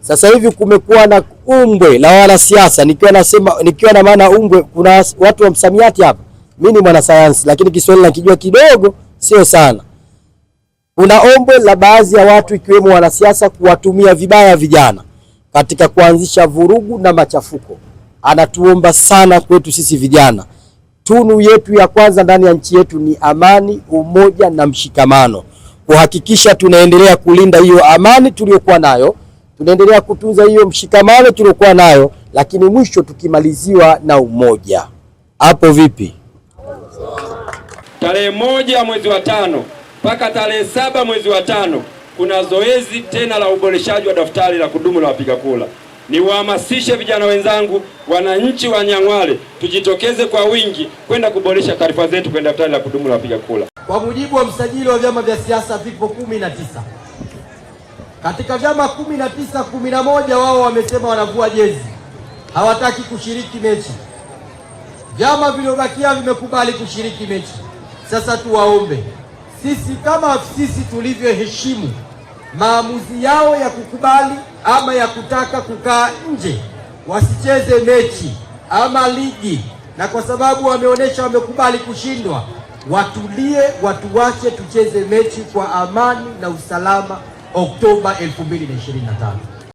Sasa hivi kumekuwa na umbwe la wanasiasa, nikiwa nasema nikiwa na maana umbwe, kuna watu wa msamiati hapa. Mimi ni mwanasayansi, lakini Kiswahili nakijua kidogo, sio sana. Kuna ombwe la baadhi ya watu ikiwemo wanasiasa kuwatumia vibaya vijana katika kuanzisha vurugu na machafuko. Anatuomba sana kwetu sisi vijana, tunu yetu ya kwanza ndani ya nchi yetu ni amani, umoja na mshikamano, kuhakikisha tunaendelea kulinda hiyo amani tuliyokuwa nayo tunaendelea kutunza hiyo mshikamano tuliokuwa nayo, lakini mwisho tukimaliziwa na umoja. Hapo vipi? Tarehe moja mwezi wa tano mpaka tarehe saba mwezi wa tano kuna zoezi tena la uboreshaji wa daftari la kudumu la wapiga kura. Niwahamasishe vijana wenzangu, wananchi wa Nyang'hwale, tujitokeze kwa wingi kwenda kuboresha taarifa zetu kwenye daftari la kudumu la wapiga kura. Kwa mujibu wa msajili wa vyama vya siasa, vipo kumi na tisa. Katika vyama kumi na tisa kumi na moja wao wamesema wanavua jezi, hawataki kushiriki mechi. Vyama vilivyobakia vimekubali kushiriki mechi. Sasa tuwaombe sisi, kama sisi tulivyoheshimu maamuzi yao ya kukubali ama ya kutaka kukaa nje, wasicheze mechi ama ligi, na kwa sababu wameonyesha wamekubali kushindwa, watulie, watuwache tucheze mechi kwa amani na usalama. Oktoba 2025.